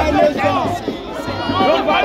Yorùbá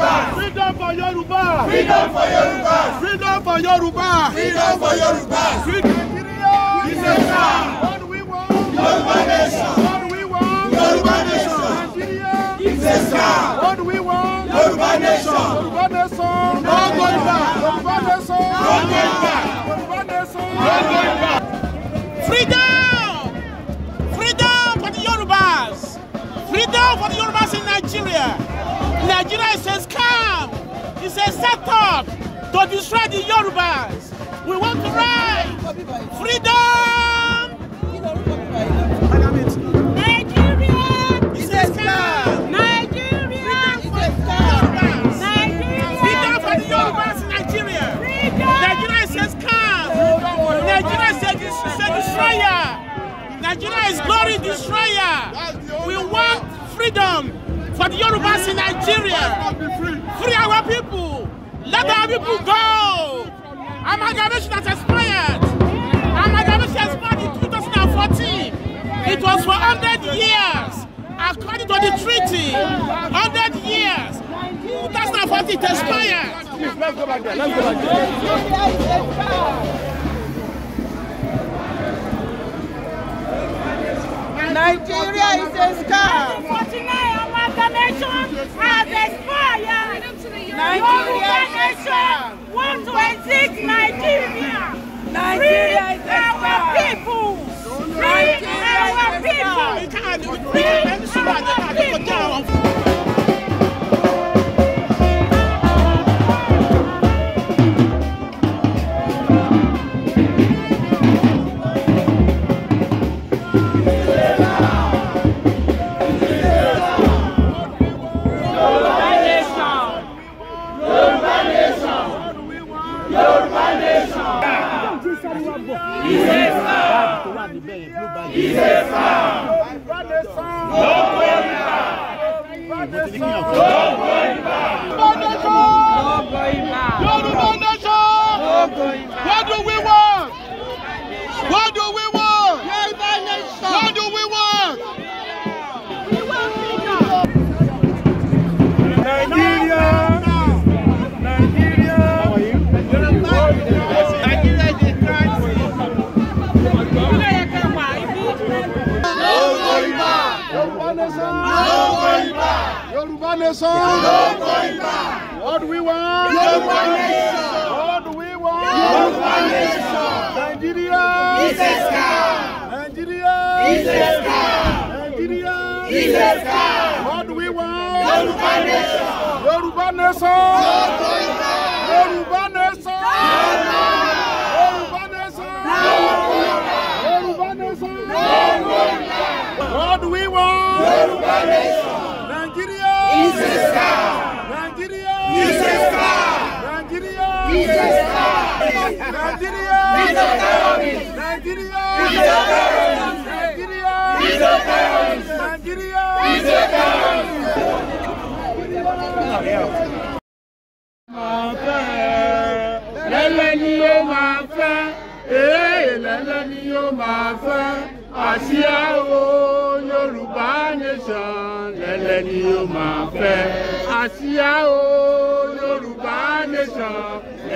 Yorùbá. Freedom for Yorùbá. Freedom for Yorùbá. Freedom for Yorùbá. Freedom for Yorùbá. Free Nigeria. Free Nigeria. set up to destroy the Yorubas. We want to rise. Freedom! Nigeria is a scam. Nigeria is destroyer. Nigeria is glory destroyer. We want freedom for the Yorubas in Nigeria. Free our people other people go. I'm Amalgamation has expired. Amalgamation expired in 2014. It was for 100 years. According to the treaty, 100 years. 2014 it expired. Please, let's go back there. Let's go back there. Nigeria is a scam. He's a farm. He's a farm. No going back. No going back. No going back. No going back. What do we want? nation. What we want. What we want. Nigeria is a sky. Nigeria is a sky. Nigeria is a sky. What we want. Yoruba nation. Yoruba nation. ni ó máa fẹ́. àsíá o yorùbá nation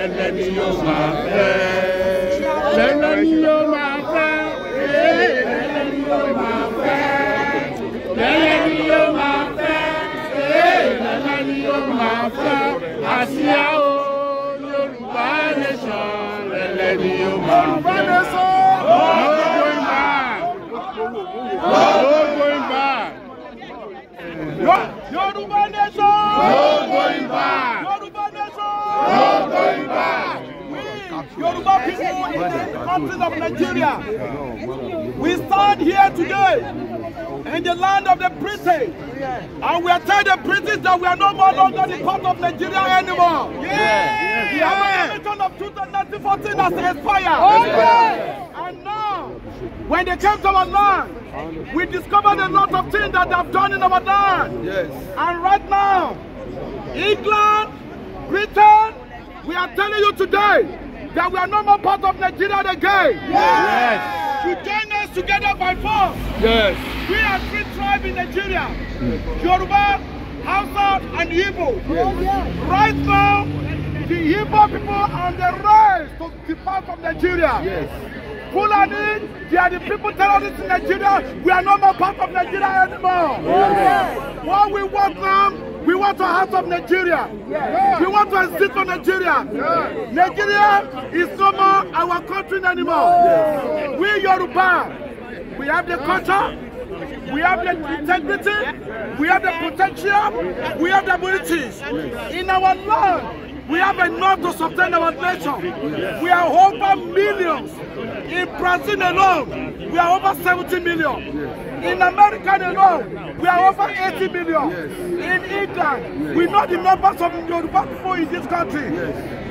ẹlẹ́ni ó máa fẹ́. ẹlẹ́ni ó máa fẹ́. ẹlẹ́ni ó máa fẹ́. ẹlẹ́ni ó máa fẹ́. ẹlẹ́ni ó máa fẹ́. àsíá o yorùbá nation ẹlẹ́ni ó máa fẹ́. No going back. No going back. We, Yoruba people in the countries of Nigeria, we stand here today in the land of the British, and we are telling the British that we are no more longer the part of Nigeria anymore. Yeah. Yeah. The American of 2014 has expired. Okay. And now, when they came to our land, We discovered a lot of things that they have done in our land. Yes. And right now, England, Britain, we are telling you today that we are no more part of Nigeria again. Yes. You join us together by force. Yes. We are three tribes in Nigeria. Yoruba, Hausa, and Igbo. Yes. Right now, the Igbo people and the rise to depart from Nigeria. Yes. Fulani, they are the people terrorists in Nigeria. We are no more part of Nigeria anymore. Yes. What we want now we want to heart of Nigeria. Yes. We want to exit from Nigeria. Yes. Nigeria is no more our country anymore. Yes. We Yoruba, we have the culture, we have the integrity, we have the potential, we have the abilities. In our land, We have enough to sustain our nation. We are over millions. In Brazil alone, we are over 70 million. In America alone, we are over 80 million. In England, we know the numbers of Yoruba people in this country.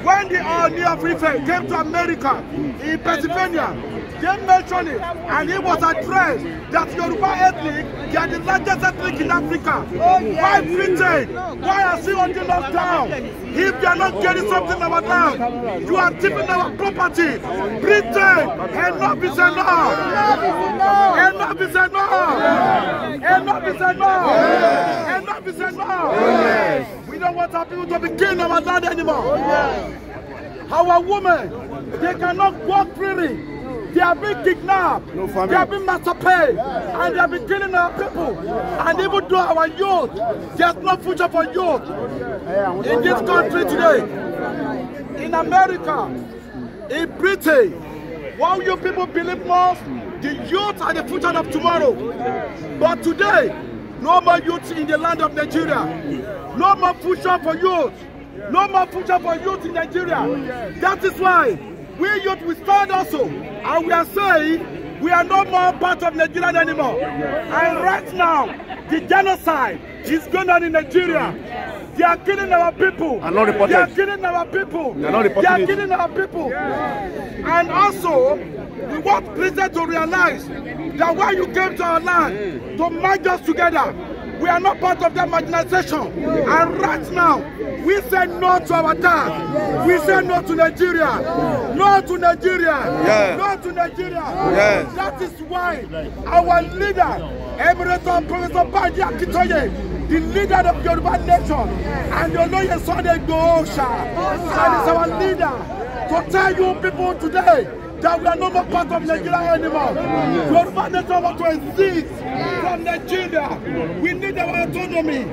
When the Oni of Ife came to America, in Pennsylvania, they mentioned it, and it was addressed that Yoruba ethnic, they are the largest ethnic in Africa. Oh, yeah. Why Britain? Why are they hunting us down? If they are not getting something about them, you are taking our property. Britain, enough is enough. Enough is enough. Enough is enough. Enough is enough. We don't want our people to be king of our land anymore. Our women, they cannot walk freely have been kidnapped, no they have been massacred, and they have been killing our people. And even though our youth, there's no future for youth in this country today. In America, in Britain, while you people believe most, the youth are the future of tomorrow. But today, no more youth in the land of Nigeria. No more future for youth. No more future for youth in Nigeria. That is why we youth we stand also, and we are saying we are no more part of Nigeria anymore. And right now, the genocide is going on in Nigeria. They are killing our people. And not reported. They are killing our people. They are, not reported. they are killing our people. Yes. And also, we want President to realize that when you came to our land, to merge us together, We are not part of that marginalization. And right now, we say no to our tax. We say no to Nigeria. No to Nigeria. No to Nigeria. That is why our leader, Emirator Professor Badi Akitoye, the leader of Yoruba nation and your lawyer Sunday Goosha. And is our leader to tell you people today that we are no more part of Nigeria anymore. Yoruba Nation want to exist from Nigeria. We need our autonomy.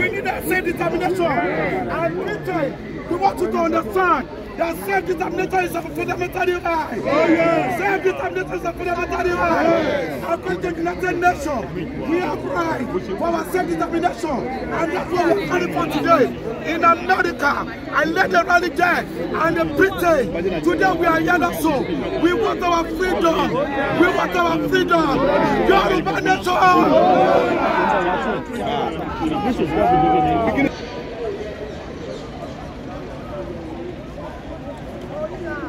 We need our self-determination. And Britain, we want you to understand that self-determination is a fundamental right. Oh, yes. Self-determination is a fundamental right. Yes. According to the United Nations, we have right for our self-determination. And that's what we're calling for today. In America, I led the rally there and in Britain. Today we are here also. We want our freedom. We want our freedom. Yoruba Nation! This is what we're doing.